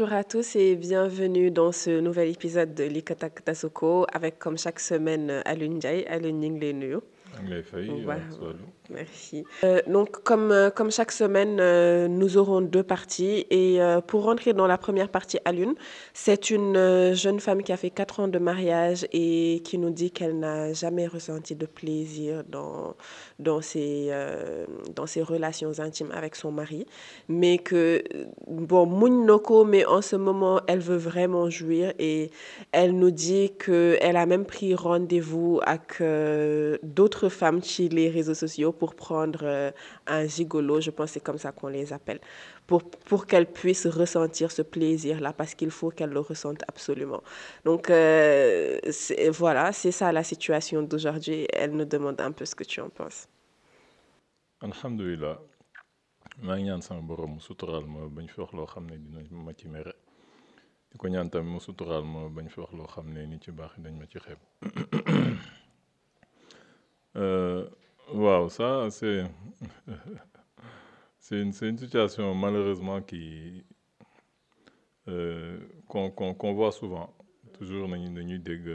Bonjour à tous et bienvenue dans ce nouvel épisode de Likatak avec comme chaque semaine Alun Ndiaye. ngi lay nuyu. Merci. Euh, donc, comme, euh, comme chaque semaine, euh, nous aurons deux parties. Et euh, pour rentrer dans la première partie à l'une, c'est une euh, jeune femme qui a fait quatre ans de mariage et qui nous dit qu'elle n'a jamais ressenti de plaisir dans, dans, ses, euh, dans ses relations intimes avec son mari. Mais que, bon, Mounoko, mais en ce moment, elle veut vraiment jouir et elle nous dit qu'elle a même pris rendez-vous avec d'autres femmes sur les réseaux sociaux pour prendre euh, un gigolo, je pense que comme ça qu'on les appelle, pour, pour qu'elles puissent ressentir ce plaisir-là, parce qu'il faut qu'elles le ressentent absolument. Donc euh, voilà, c'est ça la situation d'aujourd'hui. Elle nous demande un peu ce que tu en penses. Alhamdulillah. maa ngi ñaan sama borom mu suturaal ma bañ fi loo xam ne dina ma ci mere ko ñaan tamit mu fi wax loo xam ne ni ci baax dañ ma ci xeeb euh, waaw sa c'est c'est une situation malheureusement qui euh, qu'on qu'on qu'on voit souvent toujours nañu dañuy dégg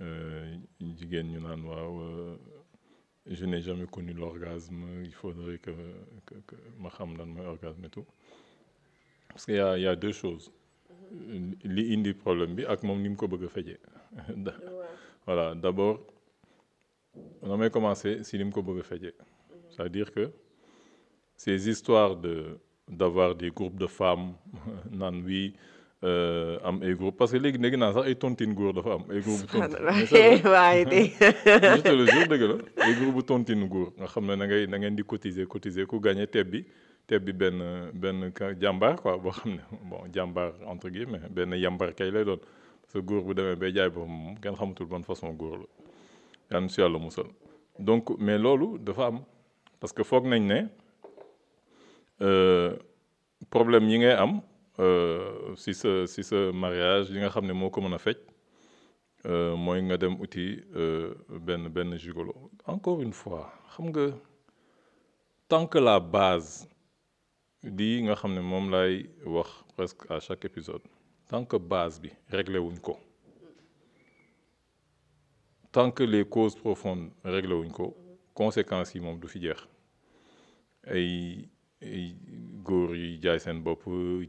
euh, jigéen ñu naan waaw euh, je n'ai jamais connu l'orgasme il faudrait que que ma xam lan mooy orgasme et tout parce deux choses li indi problème bi ak moom ni m ko bëgg a fejee voilà d'abord damay commencer si lim ko bëgg a feje c'est-à-dire que ces histoires de d'avoir des groupes de femmes naan wii euh, am ay groupe parce que léegi léegi naan sax ay tontine góor dafa am ay groupe waaye la bu tontine góor nga xam ne na ngay na ngeen di cotiser cotiser ku gagné teeb bi teeb bi benn benn jàmbaar quoi boo xam ne bon jàmbaar entre guillemets benn yambaar kay lay doon parce que góor bu demee bay jaay boppam moom kenn xamatul bon façon góor la yàlla si yàlla musal donc mais loolu dafa am parce que foog nañ ne euh, problème yi ngay am euh, si sa si sa mariage yi nga xam ne moo ko mën a fecc euh, mooy nga dem uti benn benn gigolo encore une fois xam nga tant que la base di nga xam ne moom lay wax presque à chaque épisode tant que base bi réglé wuñ ko tant que les causes profondes réglé wuñ ko conséquences yi moom du fi jeex ay góor yuy jaay seen bopp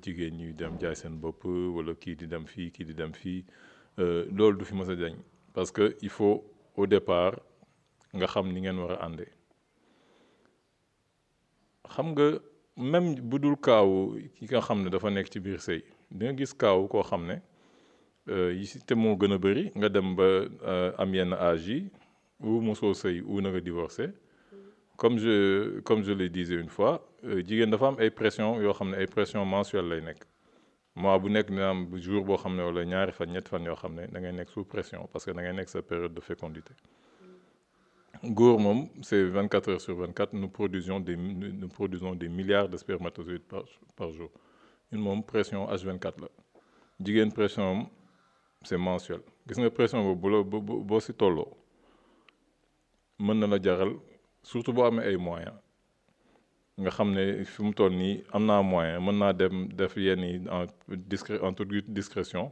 jigéen ñuy dem jaay seen bopp wala kii di dem fii kii di dem fii euh, loolu du fi mës a dañ parce que il faut au départ nga xam ni ngeen war a àndee xam nga même bu dul kaawu ki nga xam ne dafa nekk ci biir sëy di nga gis kaawu koo xam ne yi euh, te moo gën a bëri nga dem ba euh, am yenn âge yi ou mosoo sëy ou na nga comme je comme je le disais une fois euh, jigéen dafa am ay pression yoo xam ne ay pression mensuelle lay nekk mois bu nekk dina am jour boo xam ne wala ñaari fan ñetti fan yoo xam ne da ngay nekk su pression parce que da nekk sa période de fécondité góor moom c'est 24 heures sur 24 nous produisons des nous produisons des milliards de spermatozoïdes par par jour ñun moom pression H24 la jigéen pression am c'est mensuel gis nga pression boobu bu la boo si tolloo mën na la jaral surtout boo amee ay moyens nga xam ne fi mu toll nii am naa moyen mën naa dem def yenn yi en discré en toute discrétion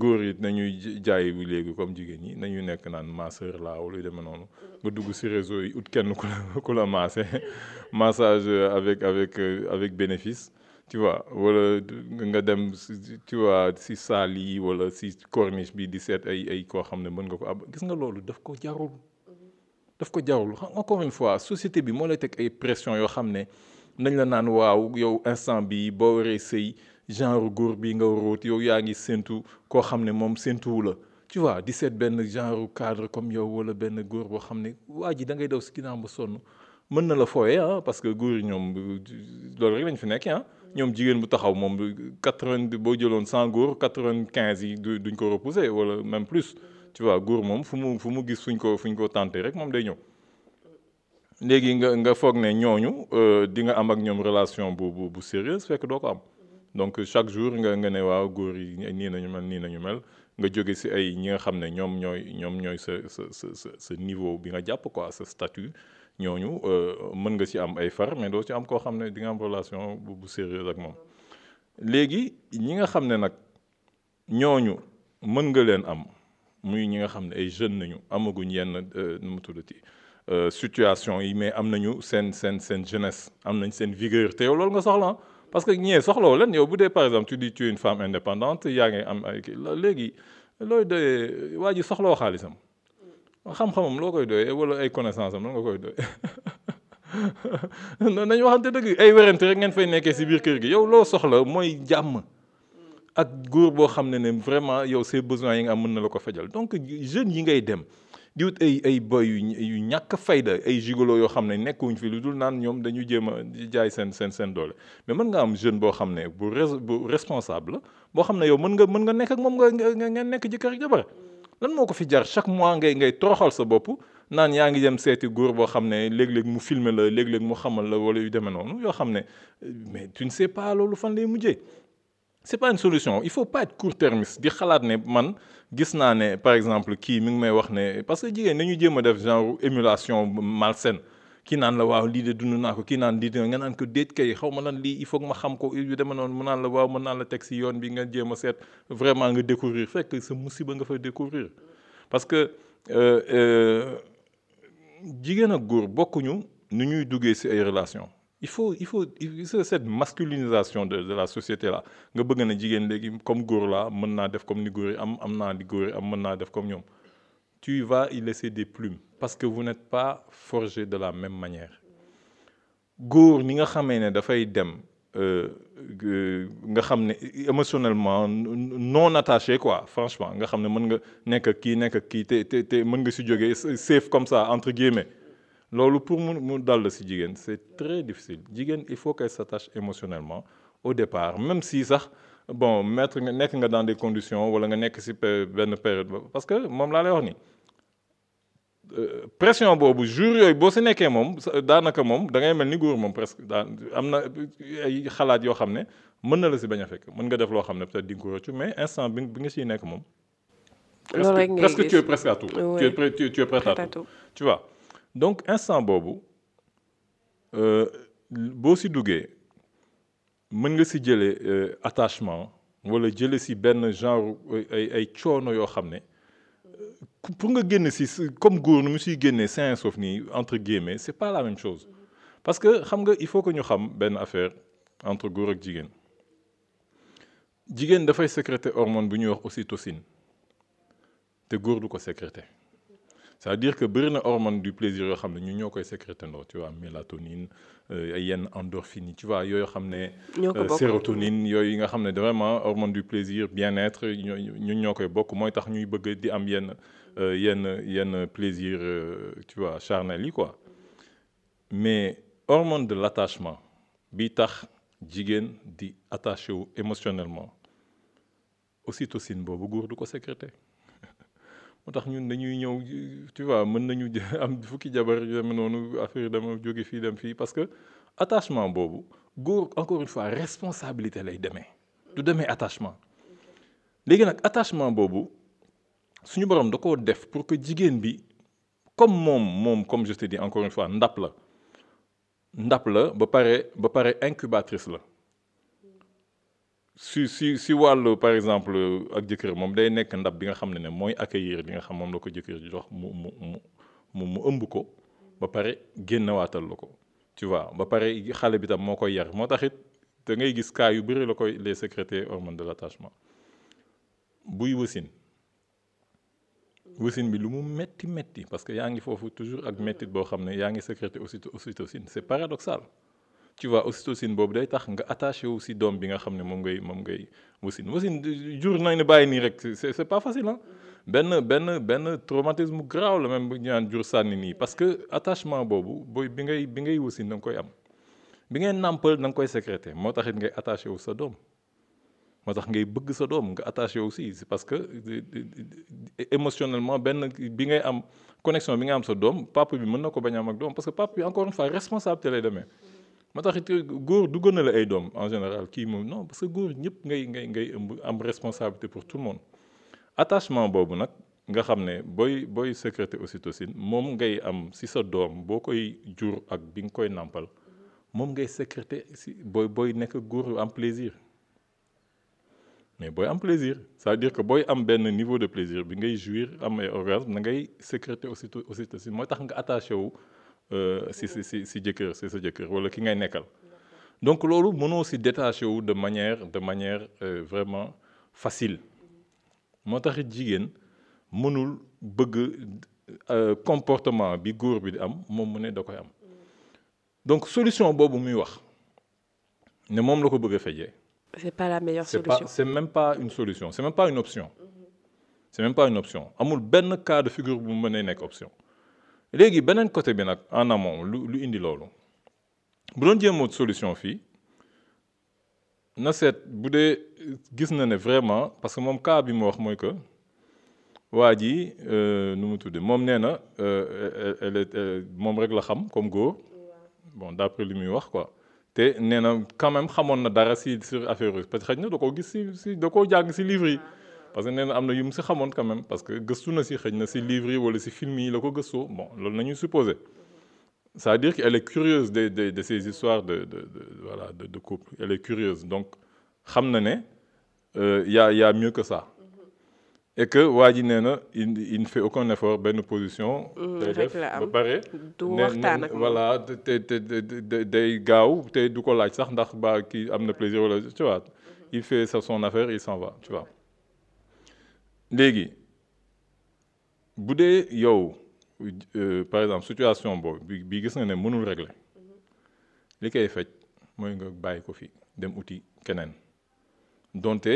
góor yi nañuy jaay bi léegi comme jigéen ñi nañu nekk naan masseur laa wala yu demee noonu nga dugg si réseau yi ut kenn ku la ku la massé massage avec avec avec bénéfice. tu vois wala nga dem tu si salle yi wala si corniche bi di seet ay ay koo xam ne mën nga ko ab gis nga loolu daf ko jarul. daf ko jarul xam encore fois société bi moo lay teg ay pression yoo xam ne nañ la naan waaw yow instant bi boo waree sëy genre góor bi nga root yow yaa ngi séntu koo xam ne moom séntuwu la tu vois di seet benn genre cadre comme yow wala benn góor boo xam ne waa ji da ngay daw si ginnaaw ba sonn mën na la fooyee ah parce que góor yi ñoom loolu rek lañ fi nekk ah. ñoom jigéen bu taxaw moom quatre vingt boo jëloon cent góor quatre vingt quinze yi duñ ko repousser wala même plus tu waa góor moom fu mu fu mu gis fuñ ko fuñ ko tenté rek moom day ñëw. léegi nga nga foog ne ñooñu euh, di nga am ak ñoom relation bu bu bu sérieuse fekk doo ko am donc chaque jour nga nga ne waaw góor yi nii nañu mel nii nañu mel. nga jóge ci ay ñi nga xam ne ñoom ñooy ñoom ñooy sa sa sa sa niveau bi nga jàpp quoi sa statut ñooñu euh, mën nga ci am ay far mais doo ci am koo xam ne di nga am relation bu bu sérieuse ak moom léegi ñi nga xam ne nag ñooñu mën nga leen am muy ñi nga xam ne ay jeunes nañu amaguñ yenn euh, nu mu tuddati euh, situation yi mais am nañu seen seen seen jeunesse am nañ seen vigueur te yow loolu nga soxla parce que ñee soxlaw leen yow bu dee par exemple ci dis ci es une femme indépendante yaa ngi am ay léegi looy de waa ji soxloo xaalisam. xam-xamam loo koy doyee wala ay connaissance am nga koy doyee non nañu waxante dëgg ay werante rek ngeen fay nekkee si biir kër gi yow loo soxla mooy jàmm ak góor boo xam ne ne vraiment yow ses besoins yi nga am mën na la ko fajal donc jeunes yi ngay dem di ay ay boy yu ñàkk fayda ay gigolo yoo xam ne nekkuñ fi lu dul naan ñoom dañu jéem jaay seen seen seen doole mais mën nga am jeune boo xam ne bu bu responsable boo xam ne yow mën nga mën nga nekk ak moom nga nga nekk jëkkër ak jabar lan moo ko fi jar chaque mois ngay ngay toroxal sa bopp naan yaa ngi dem seeti góor boo xam ne léeg-léeg mu filmer la léeg-léeg mu xamal la wala yu demee noonu yoo xam ne mais tu ne sais pas loolu fan lay mujjee. c'est pas une solution il faut pas être court-termiste di xalaat ne man gis naa ne par exemple kii mi ngi may wax ne parce que jigéen nañu jéem a def genre émulation malsaine kii naan la waaw lii de dund naa ko kii naan lii de nga naan ko déet kay xaw ma lan lii il faut ma xam ko yu deme noonu mu naan la waaw mën naan la teg si yoon bi nga jéem seet vraiment nga découvrir fekk sa musiba nga fa découvrir parce que euh, euh, jigéen ak góor bokkuñu nu ñuy duggee si ay relation il faut il faut il faut cette masculinisation de de la société la nga bëgg na jigéen léegi comme góor laa mën naa def comme ni góor yi am am naa di góor am mën naa def comme ñoom tu y vas y laisser des plumes parce que vous n'êtes pas forgé de la même manière góor ni nga xamee ne dafay dem euh, euh, nga xam ne émotionnellement non attaché quoi franchement nga xam ne mën nga nekk kii nekk kii te te te mën nga si jógee safe comme ça entre guillemets loolu pour mu mu dal la si jigéen c'est très difficile jigéen il faut qu'elle s'attache émotionnellement au départ même si sax bon mettre nga nekk nga dans des condition wala nga nekk si benn période parce que moom laa lay wax nii pression boobu jour yooyu boo si nekkee moom daanaka moom da ngay mel ni góor moom presque daan am na ay xalaat yoo xam ne mën na la si bañ a fekk mën nga def loo xam ne peut-être di nga ko rëccu mais instant bi bi nga siy nekk moom. loolu rek ngay gis presque tu es presque à tout. donc instant boobu euh, boo si duggee mën nga si jëlee euh, attachement wala jëlee si benn genre ay coono yoo xam ne. pour nga génn si comme góor nu mu siy génnee sain sauf nii entre guillemets c'est pas la même chose parce que xam nga il faut que ñu xam benn affaire entre góor ak jigéen jigéen dafay sécréter hormone bu ñuy wax aussi ocytocine te góor du ko sécréter c'est-à-dire que bëri na hormone du plaisir yoo xam ne ñu ñoo koy sécréter ndoo tu vois mélatonine euh, ay yenn endorphine yi ci waa yooyu xam ne. Euh, sérotonine yooyu nga xam ne vraiment hormone du plaisir bien-être ñoo ñun ñoo koy bokk mooy ñuy bëgg di am yenn. Euh, yenn yenn plaisir euh, tu vois charnel yi quoi mais hormone de l'attachement bi tax jigéen di attaché wu aussi ocytocine boobu góor du ko sécrété moo tax ñun dañuy ñëw tu vois mën nañu am fukki jabar yu demee noonu dama jóge fii dem fii parce que attachement boobu góor encore une fois responsabilité lay demee du demee attachement léegi nag attachement boobu suñu borom da koo def pour que jigéen bi comme moom moom comme je te dis encore une fois ndap la ndap la ba pare ba pare incubatrice la si si si wàll par exemple ak jëkkër moom day nekk ndab bi nga xam ne ne mooy accueillir bi nga xam moom la ko jëkkër ji jox mu mu mu mu ëmb ko ba pare génnewaatal la ko tu vois ba pare xale bi tam moo koy yar moo tax it da ngay gis cas yu bëri la koy les secrétaires hormones de l'attachement buy wasin wasin bi lu mu metti metti parce que yaa ngi foofu toujours ak mettit boo xam ne yaa ngi sécréter aussi ocytocine c'est paradoxal tu vois ocytocine boobu day tax nga attaché wu si doom bi nga xam ne moom ngay moom ngay wasin wasin jur nañ ne bàyyi nii rek c'est c'est pas facile benn benn benn traumatisme grave la même bu ñaan jour sànni nii parce que attachement boobu booy bi ngay bi ngay wasin da nga koy am bi ngay nàmpal da koy sécréter moo taxit ngay attaché wu sa doom moo tax ngay bëgg sa doom nga attaché aussi c'est parce que émotionnellement benn bi ngay am connexion bi nga am sa doom papa bi mën na ko bañ am ak doom parce que papa bi encore une fois responsabilité lay demee. góor du gën la ay doom en général kii moom non parce que góor ñëpp ngay ngay ngay ëmb am responsabilité pour tout le monde boobu nag nga xam ne booy booy sécréter ocytocine moom ngay am si sa doom boo koy jur ak bi nga koy nàmpal moom ngay sécréter si booy booy nekk góor yu am plaisir. mais booy am plaisir ça veut que booy am benn niveau de plaisir bi ngay jouir am ay orgasme na ngay sécréter aussitôt aussitôt si mooy tax nga attaché wu euh, si si si si jëkkër si sa jëkkër wala ki ngay nekkal donc loolu mënoo si détaché wu de manière de manière euh, vraiment facile moo tax jigéen mënul bëgg euh, comportement bi góor bi di am moom mu ne da koy am donc solution boobu muy wax ne moom la ko bëgg a fejee c'est pas la même pas une solution c'est même pas une option. c'est même pas une option amul benn cas de figure bu mënee nekk option léegi beneen côté bi nag en amont lu lu indi loolu bu doon jéemoot solution fii na seet bu dee gis na ne vraiment parce que moom cas bi mu wax mooy que waa ji euh, nu mu tuddee moom nee na euh, moom rek la xam comme góor bon d'après li muy wax quoi. te nee na quand xamoon na dara si sur affaire russe parce que xëy na da koo gis si si da koo jàng si livre yi parce que nee am na yu mu si xamoon quand même parce que gëstu na si xëy na si livre yi wala si film yi la ko gëstoo bon loolu nañu supposé c'est-à-dire qu'elle est curieuse de de de ces histoires de de de voilà de de couple elle est curieuse donc xam na ne yaa euh, yaa y mieux que ça et que waa ji nee na il ne fait aucun effort benn position. Mm-hmm. day def ba pare du waxtaan ak voilà te te day gaaw te du ko laaj sax ndax ba kii am na plaisir wala tu vois mm-hmm. il fait ça affaire il s'en léegi bu dee yow euh, par exemple situation boobu bi gis na ne mënul régler mm-hmm. li koy faj mooy nga bàyyi ko fi dem uti keneen donte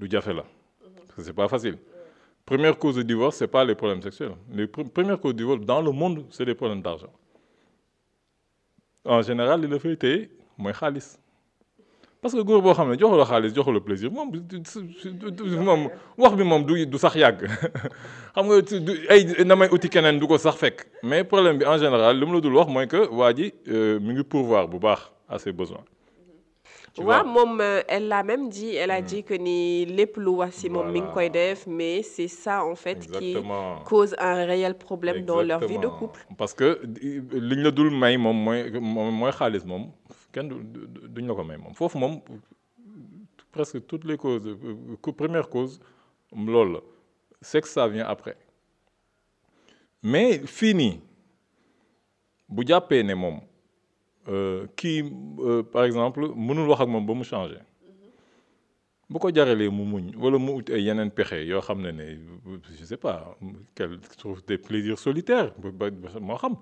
lu jafe la c'est pas facile. première cause de divorce, ce n'est pas les problèmes sexuels. Les pr premières causes de divorce dans le monde, c'est les problèmes d'argent. En général, li la fay téye mooy xaalis parce que góor boo xam ne joxu la xaalis joxu la plaisir moom moom wax bi moom du du sax yàgg xam nga ay namay uti keneen du ko sax fekk mais problème bi en général li mu la dul wax mooy que waa ji euh, mi ngi pourvoir bu baax à ses besoins waaw moom euh, elle l'a même dit elle a mm. dit que ni lépp lu wax si moom mi ngi koy def mais c'est ça en fait Exactement. qui cause un réel problème Exactement. dans leur vie de couple parce que euh, liñ la dul may moom mooy mooy xaalis moom kenn duñ la ko may moom foofu moom presque toutes les causes euh, première cause loolu la sexe ça vient après mais fii nii bu jàppee ne moom Euh, kii euh, par exemple mënul wax ak moom ba mu changé mm-hmm. bu ko jaralee mu muñ wala mu ut ay yeneen pexe yoo xam ne ne je sais pas quel trouve des plaisirs solitaires ba moo xam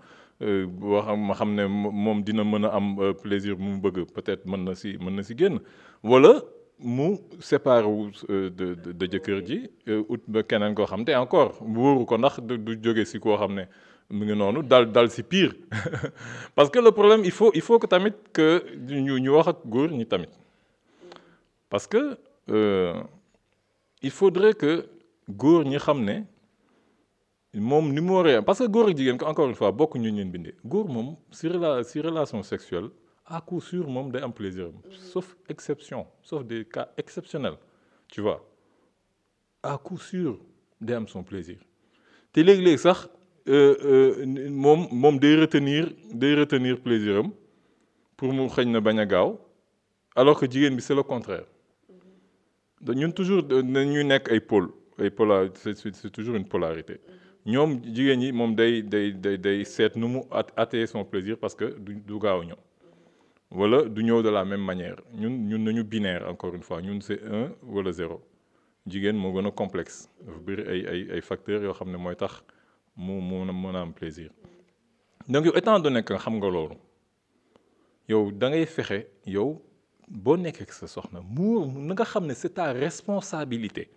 boo euh, xam xam ne moom dina mën a am plaisir mu bëgg peut-être mën na si mën na si génn wala mu séparé wu de de jëkkër ji ut ba keneen koo xam te encore wóoru ko ndax du jóge si koo xam ne mu ngi noonu dal dal si piir parce que le problème il faut il faut que tamit que ñu ñu wax ak góor ñi tamit parce que euh, il faudrait que góor ñi xam ne moom ni mu waree parce que góor ak jigéen ko encore une fois bokk ñu ñeen bindee góor moom si rela si relation sexuelle à coup sûr moom day am plaisir sauf exception sauf des cas exceptionnels tu vois à coup sûr day am son plaisir te léegi-léegi sax Euh, euh, moom moom day retenir day retenir plaisir am pour mu xëñ na bañ a gaaw alors que jigéen bi c'est le contraire ñun toujours dañuy nekk ay pôle ay polar c'est toujours une polarité ñoom jigéen ñi moom day day day day seet nu mu atténuer son plaisir parce que du du gaaw ñëw wala du ñëw de la même manière ñun ñun nañu binaire encore une fois ñun c'est un wala zéro jigéen moo gën a complexe dafa ay ay ay facteurs yoo xam ne mooy tax. mu mu mën a am plaisir donc yow étant donné que xam nga loolu yow da ngay fexe yow boo nekkee ak sa soxna mu na nga xam ne c'est ta responsabilité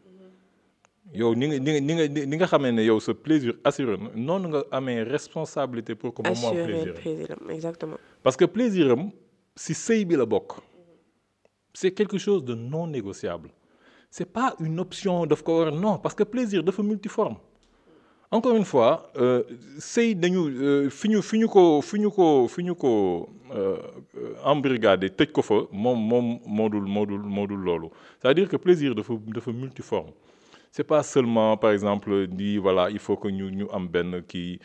yow ni nga ni nga ni nga ni nga xamee ne yow sa plaisir assuré na noonu nga amee responsabilité pour que moom mu am plaisir exactement parce que plaisir am si sëy bi la bokk c'est quelque chose de non négociable c'est pas une option daf ko war non parce que plaisir dafa multiforme encore une fois euh, sëy dañu euh, fi ñu fi ñu ko fi ñu ko fi ñu ko euh, embrigadé tëj ko fa moom moom moo dul moo dul moo loolu c'est-à-dire que plaisir dafa dafa multiforme c'est pas seulement par exemple di voilà il faut que ñu ñu am benn kii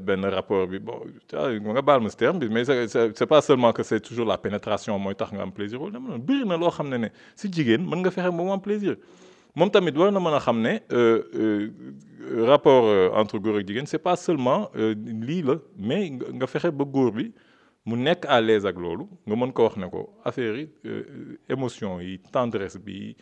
benn rapport bi bon nga baal ma si terme bi mais c'est pas seulement que c'est toujours la pénétration mooy tax nga am plaisir wala na loo xam ne ne si jigéen mën nga fexe ba mu am plaisir moom tamit war na mën a xam ne euh, euh, rapport euh, entre góor ak jigéen c'est pas seulement lii la mais nga fexe ba góor bi mu nekk à l'aise ak loolu nga mën ko wax ne ko affaire yi émotion yi tendresse bi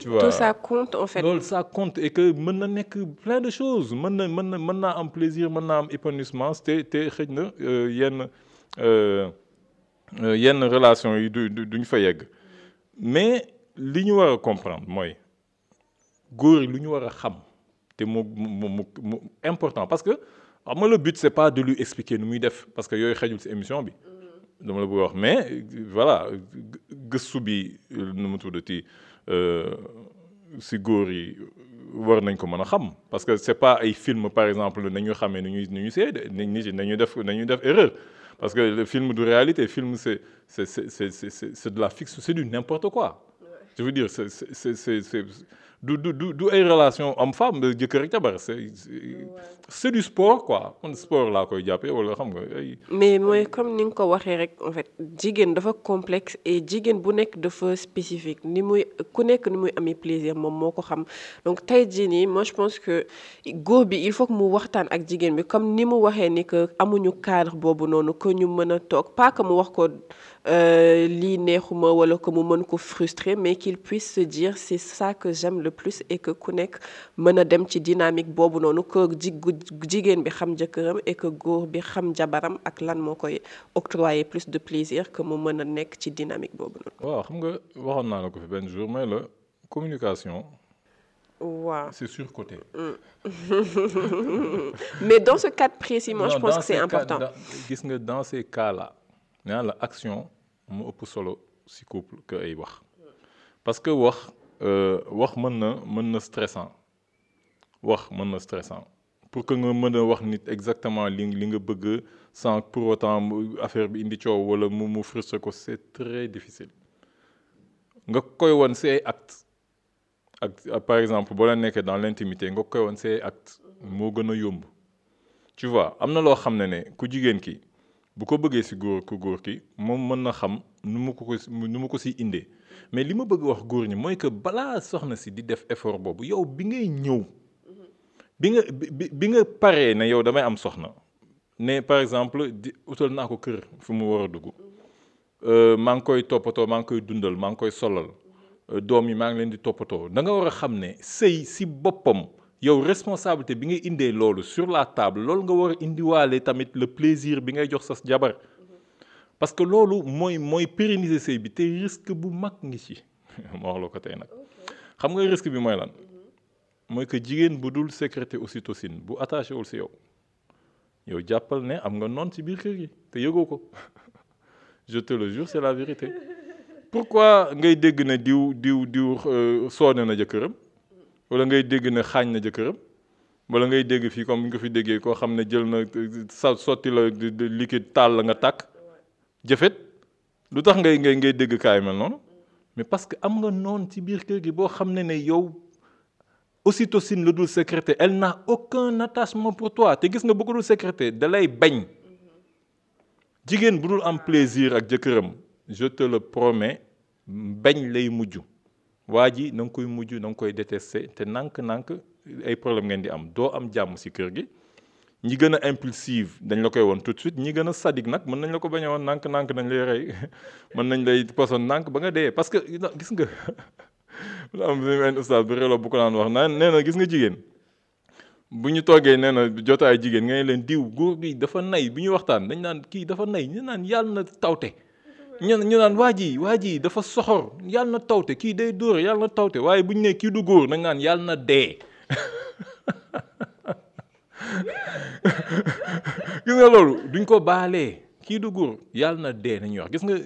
tu vois tout ça compte en fait loolu ça compte et que mën na nekk plein de chose mën na mën na mën naa am plaisir mën naa am épanouissement te te xëj na yenn yenn relation yi du duñ fa yegg mais li ñu war a comprendre mooy góor yi lu ñu war a xam te mu mu important parce que xam nga le but c'est pas de lui expliquer nu muy def parce que yooyu xajul si émission bi. dama la bëgg wax mais voilà gëstu bi nu mu tuddati euh, ci góor yi war nañ ko man a xam parce que c'est pas ay film par exemple nañu xamee nu ñuy nu ñuy seede nit nañu def nañu def erreur. parce que le film de réalité le film c'est c'est c'est la fiction c'est du n'importe quoi. je veux dire c'est c'est c'est du du du du ay relation am femme ba jëkkër ak jabar c'est c'est du sport quoi man sport laa koy jàppee wala xam nga ay. mais mooy comme ni nga ko waxee rek en fait jigéen dafa complexe et jigéen bu nekk dafa spécifique ni muy ku nekk ni muy amee plaisir moom moo ko xam donc tey jii yi moi je pense que góor bi il faut que mu waxtaan ak jigéen bi comme ni mu waxee ni que amuñu cadre boobu noonu que ñu mën a toog paaka mu wax ko. Euh, lii neexuma wala que mu mën ko frustrer mais qu'il puisse se dire c'est ça que j'aime le plus et que ku nekk mën a dem ci dynamique boobu noonu que jigéen bi xam jëkkëram et que góor bi xam jabaram ak lan moo koy octroyer plus de plaisir que mu mën a nekk ci dynamique boobu noonu. waaw xam nga waxoon naa la ko fi benn jour mais la communication. waaw c'est surcoté. Mm. mais dans ce cas précis nee la action mu ëpp solo si couple que ay wax parce que wax euh, wax mën na mën na stressant wax mën na stressant pour que nga mën a wax nit exactement li li nga bëgg sans pour autant affaire bi indi coow wala mu mu frustré ko c'est très difficile nga koy won si ay acte ak par exemple boo la nekkee dans l'intimité nga koy won si ay acte moo gën a yomb tu vois am na loo xam ne ne ku jigéen ki bu ko bëggee si góor ku góor ki moom mën na xam nu mu ko ko nu mu ko si indee mais li ma bëgg wax góor ñi mooy que balaa soxna si di def effort boobu yow bi ngay ñëw bi nga bi nga paree ne yow damay am soxna ne par exemple di utal naa ko kër fu mu war a dugg euh, maa ngi koy toppatoo maa ngi koy dundal maa ngi koy solal euh, doom yi maa ngi leen di toppatoo danga war a xam ne sëy si boppam. yow responsabilité bi ngay indee loolu sur la table loolu nga war indiwaale tamit le plaisir bi ngay jox sa jabar parce que loolu mooy mooy pérenniser sëy bi te risque bu mag ngi ci ma wax la ko tey nag xam nga risque bi mooy lan mhm. mooy que jigéen bu dul aussi ocytocine bu attaché wul si yow yow jàppal ne am nga noon si biir kër gi te yëgoo ko je te le jure c'est la vérité pourquoi ngay dégg ne diw diw diw euh, soone na jëkkëram wala ngay dégg ne xaañ na jëkkëram wala ngay dégg fii comme bi nga fi déggee koo xam ne jël na sa sotti la liquide taal la nga takk jëfet lu tax ngay ngay ngay dégg kaay mel noonu mais parce que am nga noon ci biir kër gi boo xam ne ne yow aussi ocytocine la dul sécréter elle n'a aucun attachement pour toi te gis nga bu ko dul sécréter da lay bañ jigéen bu dul am plaisir ak jëkkëram je te le promets bañ lay mujj waa ji na nga koy mujj na koy détesté te nànk-nànk ay problème ngeen di am doo am jàmm si kër gi ñi gën a impulsive dañ la koy woon tout de suite ñi gën a sadique nag mën nañ la ko bañ a woon nànk-nànk dañ lay rey mën nañ lay poson nànk ba nga dee parce que gis nga am benn ustaas bu relo bu ko naan wax naan nee na gis nga jigéen bu ñu toogee nee na jotaay jigéen nga ne leen diw góor bi dafa nay bi ñu waxtaan dañ naan kii dafa nay ñu naan yàlla na tawte ñu ñu naan waa ji waa ji dafa soxor yàlla na tawte kii day dóor yàlla na tawte waaye bu ñu nee kii du góor dañ naan yàlla na dee gis nga loolu duñ ko baale kii du góor yàlla na dee nañuy wax gis nga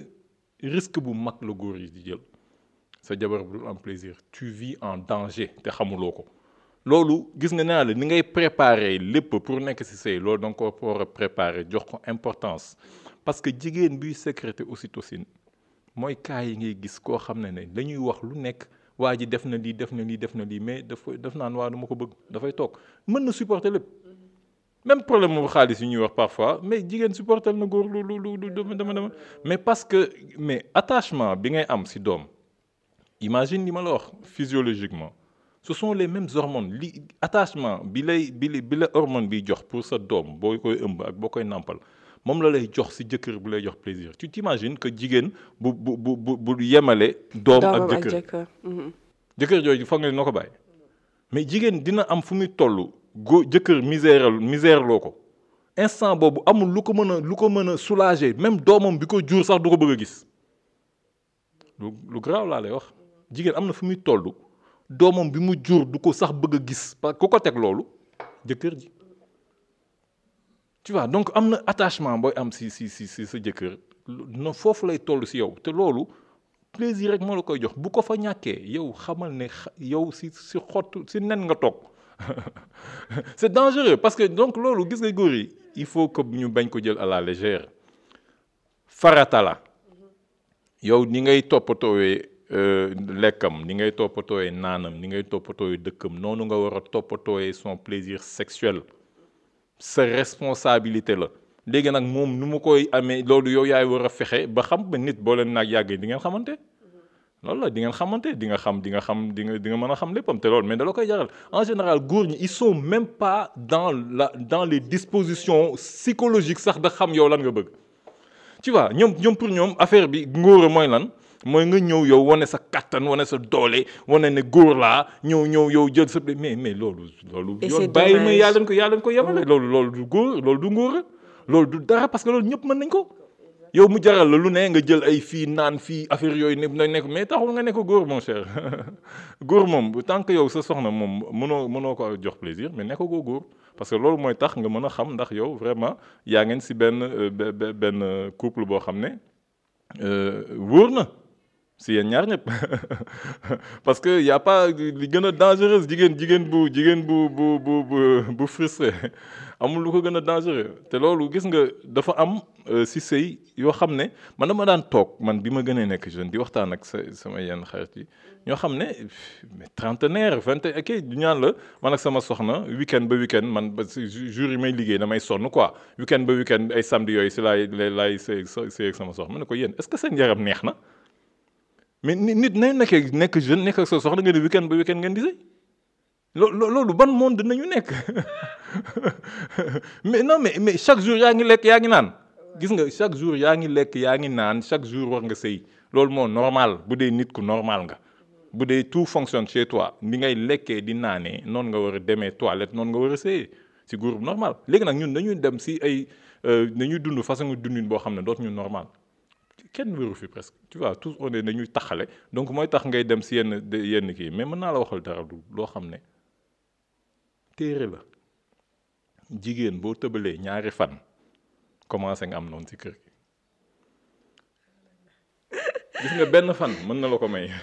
risque bu mag la góor yi di jël sa jabar bu am plaisir tu vis en danger te xamuloo ko loolu gis nga naa la ni ngay préparer lépp pour nekk ci sëy loolu danga ko war a préparer jox ko importance parce que jigéen buy sécréter ocytocine mooy cas yi ngay gis koo xam ne ne dañuy wax lu nekk waa ji def na lii def na lii def na lii mais dafa def naan waa du ma ko bëgg dafay toog mën na supporté lépp même problème mu xaalis yu ñuy wax parfois mais jigéen supporter na góor lu lu lu dama dama mais parce que mais attachement bi ngay am si doom imagine li ma la wax physiologiquement ce sont les mêmes hormones li attachement bi lay bi bi la hormone bi jox pour sa doom boo koy ëmb ak boo koy nàmpal moom la lay jox si jëkkër bu lay jox plaisir tu t'imagines ko jigéen bu bu bu bu yemale. doom ak jëkkër mhm. jëkkër jooju foog nga noo ko bàyyi. mais jigéen dina am fu muy tollu góo jëkkër misère misère loo ko instant boobu amul lu ko mën a lu ko mën a soulager même doomam bi ko jur sax du ko bëgg a gis lu lu garaaw laa lay wax jigéen am na fu muy tollu doomam bi mu jur du ko sax bëgg a gis parce ku ko teg loolu jëkkër ji. tu donc am na attachement booy am si si si si sa jëkkër na foofu lay toll si yow te loolu plaisir rek moo la koy jox bu ko fa ñàkkee yow xamal ne yow si si xottu si nen nga toog c'est dangereux parce que donc loolu gis nga góor yi il faut que ñu bañ ko jël à la légère farata la yow ni ngay toppatoowee euh, lekkam ni ngay toppatoowee naanam ni ngay toppatoowee dëkkam noonu nga war a toppatoowee son plaisir sexuel sa responsabilité la léegi nag moom nu mu koy amee loolu yow yaay war a fexe ba xam ba nit boo leen naag yàggee di ngeen xamante loolu di ngeen xamante di nga xam di nga xam di nga di nga mën a xam léppam te loolu mais da la koy jaral en général góor ñi ils sont même pas dans la dans les dispositions psychologiques sax da xam yow lan nga bëgg tu vois ñoom ñoom pour ñoom affaire bi ngóor mooy lan mooy nga ñëw yow wane sa kattan wane sa doole wane ne góor laa ñëw ñëw yow jël sa mais mais loolu. loolu yow bàyyi ma yaa leen ko yaa leen ko yemale. Mm. loolu loolu du góor loolu du ngóor loolu du dara parce que loolu ñëpp mën nañ ko. yow mu jaral la lu ne nga jël ay fii naan fii affaire yooyu ne na nekk mais taxul nga ne ko góor mon góor moom bu que yow sa soxna moom mënoo mënoo ko jox plaisir mais ne koo góor parce que loolu mooy tax nga mën a xam ndax yow vraiment yaa ngeen si benn euh, benn couple boo xam ne euh, wóor na. si yéen ñaar ñëpp parce que y' a pas li gën a dangereuse jigéen jigéen bu jigéen bu bu bu bu bu frustré amul lu ko gën a dangereux te loolu gis nga dafa am euh, si sëy yoo xam ne man dama daan toog man bi ma gënee nekk jeune di waxtaan ak sa sama yenn xarit yi ñoo xam ne trentenaire vingt et ok du ñaan la man ak sama soxna weekend ba weekend man ba jour yi may liggéey damay sonn quoi weekend ba weekend ay samedi yooyu si laay laay sëy sëy ak sama soxna ne ko yéen ce que seen neex na. mais nit nañ nekkee nekk jeune nekk ak sa soxna nga ne weekend ba weekend ngeen di sëy loolu ban monde nañu nekk mais non mais chaque jour yaa ngi lekk yaa ngi naan gis nga chaque jour yaa ngi lekk yaa ngi naan chaque jour war nga sëy loolu moo normal bu dee nit ku normal nga bu dee tout fonctionne chez toi ni ngay lekkee di naanee noonu nga war a demee toilette noonu nga war a sëyee si groupe normal léegi nag ñun dañuy dem si ay euh, dañuy dund façon dundin boo xam ne dootuñu normal kenn wéru fi presque tu vois tous on est dañuy taxale donc mooy tax ngay dem si yenn yenn kii mais mën naa la waxal dara du loo xam ne téere la jigéen boo tëbalee ñaari fan commencé nga am noonu si kër gi gis nga benn fan mën na la ko may.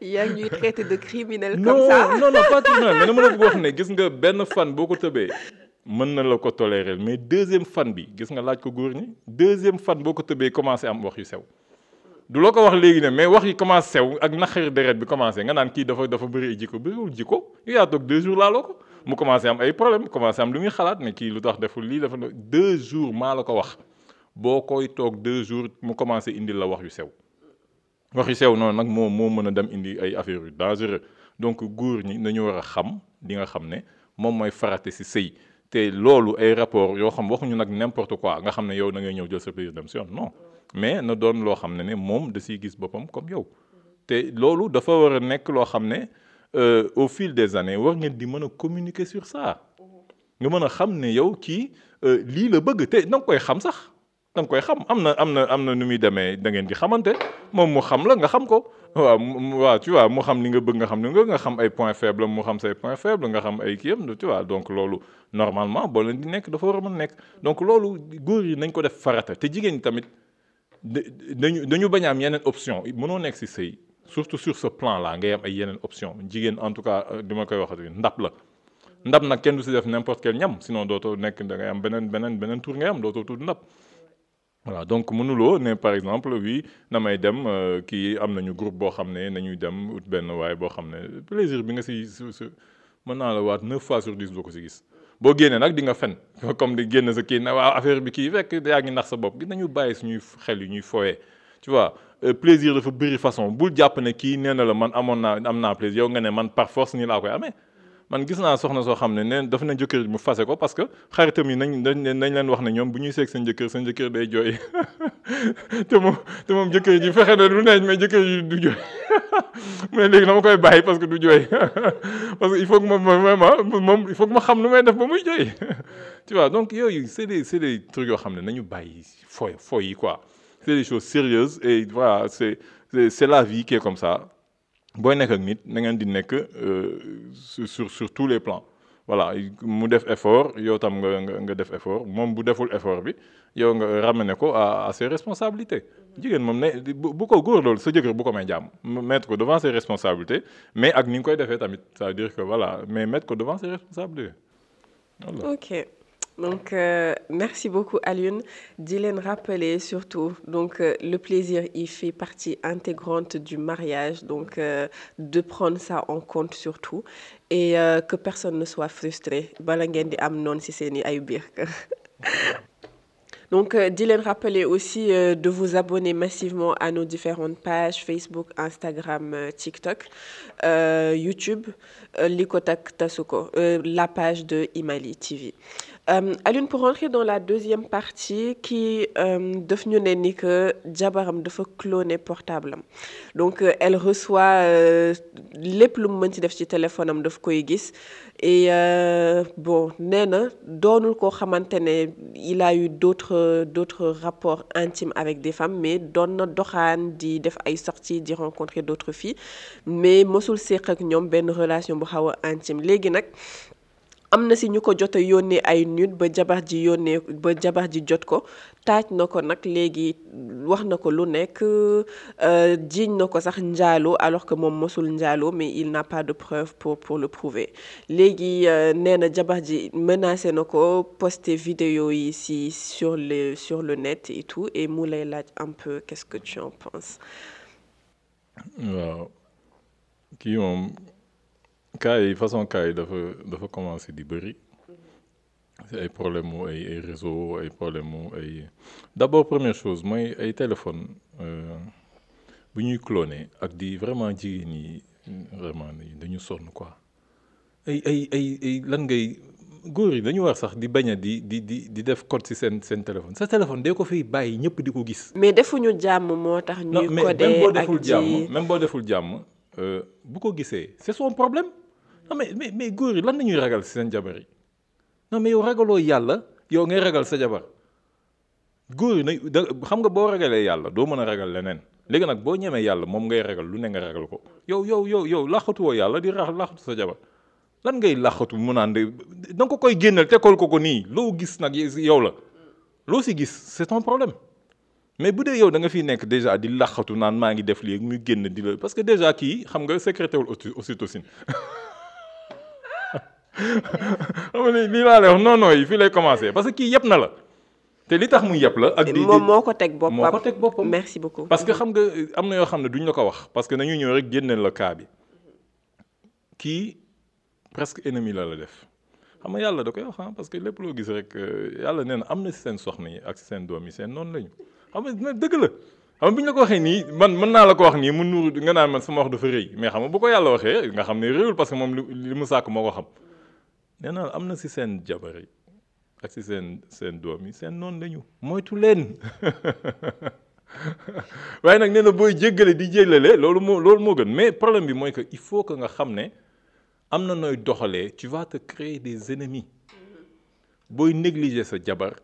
yaa ngi ñuy traité de criminel. comme ça non non non pas tout wax ne gis nga benn fan boo ko tëbee. mën na la ko tolérer mais deuxième fan bi gis nga laaj ko góor ñi deuxième fan boo ko tëbee commencé am wax yu sew du loo ko wax léegi ne mais wax yi commencé sew ak naqari deret bi commencé nga naan kii dafa dafa bëri jikko bëriwul jikko yaa toog deux jours laaloo ko mu commencé am ay problème commencé am lu muy xalaat ne kii lu tax deful lii dafa deux jours maa la ko wax boo koy toog deux jours mu commencé indi la wax yu sew wax yu sew noonu nag moo moo mën a dem indi ay affaires yu dangereux donc góor ñi dañu war a xam li nga xam ne moom mooy farate si sëy te loolu ay rapport yoo xam waxuñu nag n'importe quoi nga xam ne yow da ngay ñëw jël sa prise si yoon non mais na doon loo xam ne moom da gis boppam comme yow te loolu dafa war a nekk loo xam ne euh, au fil des années war ngeen di mën a communiquer sur ça nga mën a xam ne yow kii euh, lii la bëgg te na nga koy xam sax da koy xam am na am na am na nu muy demee da ngeen di xamante moom mu xam la nga xam ko waaw waaw tu vois mu xam li nga bëgg nga xam ne nga xam ay point faible mu xam say point faible nga xam ay kii yam tu vois donc loolu normalement boo leen di nekk dafa war a mën nekk donc loolu góor yi nañ ko def farata te jigéen ñi tamit dañu dañu bañ am yeneen option mënoo nekk si sëy surtout sur ce plan là ngay am ay yeneen option jigéen en tout cas di euh, ma koy waxati ndab la ndab nag kenn du si def n'importe quel ñam sinon dootoo nekk da ngay am beneen beneen beneen tour am dootoo tudd voilà donc mënuloo ne par exemple na may dem euh, kii am nañu groupe boo xam ne nañuy dem ut benn waaye boo xam ne plaisir bi nga si su su mën naa la waat neuf fois sur dix doo ko si gis boo génnee nag di nga fen comme di génn sa kii ne waa affaire bi kii fekk yaa ngi nax sa bopp gi nañu bàyyi suñuy xel yu ñuy foyee tu vois euh, plaisir dafa bëri façon bul jàpp ne kii nee na la man amoon naa am naa plaisir yow nga ne man par force ni laa koy amee man gis naa soxna soo xam ne neen dafa na jëkkër mu fase ko parce que xaritam yi nañ nañ leen wax ne ñoom bu ñuy seeg seen jëkkër seen jëkkër day jooy te moom te moom jëkkër ji fexe na du neex mais jëkkër ji du jooy mu ne léegi dama koy bàyyi parce que du jooy parce que il faut que moom moom il faut que xam lu may def ba muy jooy tu vois donc yooyu c'est des c'est des trucs yoo xam ne nañu bàyyi fooy fooy yi quoi c'est des choses sérieuses et voilà c'est c'est la vie qui comme ça booy nekk ak nit na ngeen di nekk euh, sur sur tous les plans voilà mu def effort yow tam nga nga def effort moom bu deful effort bi yow nga ramener ko à ses responsabilités. jigéen moom ne bu ko góor loolu sa jëkkër bu ko may jàmm mettre ko devant ses responsabilités mais ak ni nga koy defee tamit cest dire que voilà mais mettre ko devant ses responsabilités. ok donc euh, merci beaucoup Alioune di leen rappeler surtout donc euh, le plaisir il fait partie intégrante du mariage donc euh, de prendre ça en compte surtout et euh, que personne ne soit frustré bala ngeen di am noonu ci seeni ay biir donc di leen rappeler aussi de vous abonner massivement à nos différentes pages Facebook Instagram TikTok YouTube li ko tak tasu ko la page de Imali TV Euh, Alioune pour rentrer dans la deuxième partie kii euh, daf ñu ne ni que jabaram dafa cloner portable am donc euh, elle reçoit lépp lu mu mën ci def ci téléphone am daf koy gis et bon nee na doonul koo xamante ne il a eu d'autres d'autres rapports intimes avec des femmes mais doon na doxaan di def ay sorties di rencontrer d'autres fii mais mosul séq ak ñoom benn relation bu xaw a intime léegi nag am na si ñu ko jot a yónnee ay nude ba jabar ji yónnee ba jabar ji jot ko taaj na ko nag léegi wax na ko lu nekk euh, jiiñ na ko sax njaaloo alors que moom mosul njaaloo mais il n'a pas de preuve pour pour le prouver léegi euh, nee na jabar ji menacé na ko posté vidéo yi si sur le sur le net et tout et mu lay laaj un peu quest que tu en penses waaw kii moom cas yi façon cas yi dafa dafa commencé di bëri si mhm. ay problème mu ay ay réseau ay problème mu ay d'abord première chose mooy ay téléphone euh, bu ñuy cloné ak di vraiment jigéen ñi vraiment dañu sonn quoi ay ay ay ay lan ngay góor yi dañu war sax di bañ a di di di di def code ci seen seen téléphone sa téléphone de ko fiy bàyyi ñëpp di ko gis. mais defuñu jàmm moo tax. ñuy codé ak ji même boo deful jàmm même boo deful jàmm euh, bu ko gisee c'est son problème. non mais mais mais góor yi lan la ñuy ragal si seen jabar yi non mais yow ragaloo yàlla yow ngay ragal sa jabar góor yi nag da xam nga boo ragalee yàlla doo mën a ragal leneen léegi nag boo ñemee yàlla moom ngay ragal lu ne nga ragal ko yow yow yow yow laxatuwoo yàlla di rax laxatu sa jabar lan ngay laxatu mu naan de da nga ko koy génneel tekkal ko ko nii loo gis nag yow la loo si gis c'est ton problème mais bu dee yow da nga nekk déjà di laxatu naan maa ngi def lii muy génn di parce que déjà kii xam nga sécrété wul ocytocine xam nga lii laa lay wax non yi fii lay commencé parce que kii yëpp na la te li tax mu yëpp la. ak di moom moo ko teg boppam moo ko teg boppam. merci beaucoup que xam nga am na yoo xam ne duñ la ko wax parce que nañu ñëw rek génneel la cas bi kii presque ennemi la la def. xam nga yàlla da koy wax ah, parce que lépp loo gis rek euh, yàlla si seen soxna yi ak si seen doom yi seen noonu la. xam nga bu ko waxee nii naa la ko wax nii mu nuur nga naan man sama wax dafa rëy moom li mu sàkk moo ko xam nee naa am na si seen jabar yi ak si seen seen doom yi seen noon lañu moytu leen waaye nag nee na booy jéggale di jëlale loolu moo loolu moo gën mais problème bi mooy que il faut que nga xam ne am na nooy doxalee tu vas te créer des ennemis booy négliger sa jabar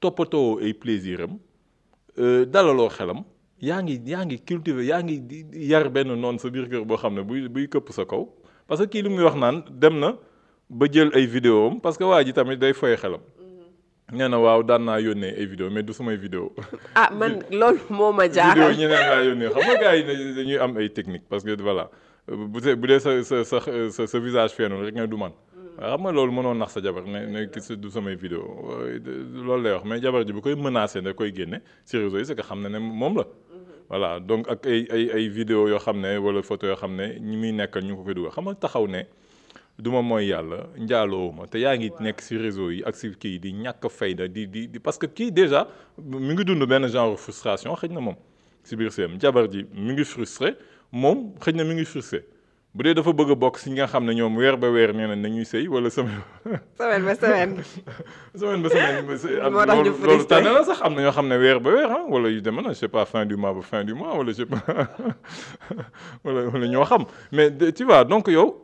toppatoo ay plaisir am euh, dalaloo xelam yaa ngi yaa ngi cultiver yaa ngi yar benn noonu sa biir kër boo xam ne buy buy këpp sa kaw parce que kii li muy wax naan dem na. ba jël ay vidéo am parce que waa ji tamit day foy xelam. Mm-hmm. nee na waaw daan naa yónnee ay vidéo mais du samay vidéo ah man loolu moo ma jaaxal yónnee xam nga gars yi am ay technique parce que voilà bu bu dee sa sa sa sa visage feenul rek du man. Mm-hmm. xam loolu mënoon nax sa jabar ne ne kii du samay vidéo loolu lay wax mais jabar ji bu koy menacé da koy génne ci réseau yi c'est xam na ne moom la. Mm-hmm. voilà donc ak ay ay ay yoo xam ne wala photo yoo xam ne ñi muy nekkal ñu ko koy dugal xam nga taxaw ne. duma mooy yàlla njaalowuma te yaa ngi nekk ci réseau yi ak ci kii di ñàkk fayda di di di parce que kii déjà mi ngi dund benn genre frustration xëj na moom ci biir seem jabar ji mi ngi frustré moom xëj na mi ngi frustré bu dee dafa bëgg a bokk ci nga xam ne ñoom weer ba weer nee nañ nañuy sëy wala semaine. semaine ba semaine. semaine ba semaine. moo tax ñu loolu tànn la sax am na ñoo xam ne weer ba weer ah wala yu demee na je sais pas fin du mois ba fin du mois wala je wala wala xam mais tu vois donc yow.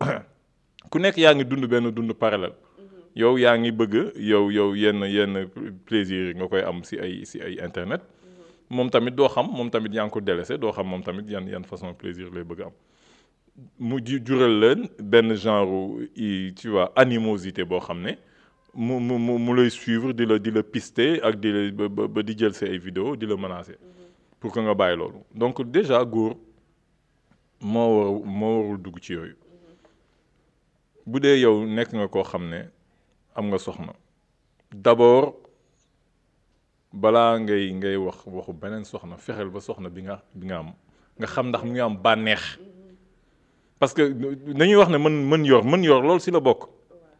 ku nekk yaa ngi dund benn dund parallèle mhm. yow yaa ngi bëgg yow yow yenn yenn plaisir yi nga koy am si ay si ay internet mhm. moom tamit doo xam moom tamit yaa ngi ko délaissé doo xam moom tamit yan yan façon plaisir lay bëgg am mu jural leen benn genre i tu boo xam ne mu mu mu mu lay suivre di la di la pister ak di la ba di jël sa ay video di la menacer mhm. pour que nga bàyyi loolu donc déjà góor moo moo warul dugg ci yooyu bu dee yow nekk nga koo xam ne am nga soxna d'abord balaa ngay ngay wax waxu beneen soxna fexeel ba soxna bi nga bi nga am nga xam ndax mu ngi am bànneex parce que dañuy wax ne mën mën yor mën yor loolu si la bokk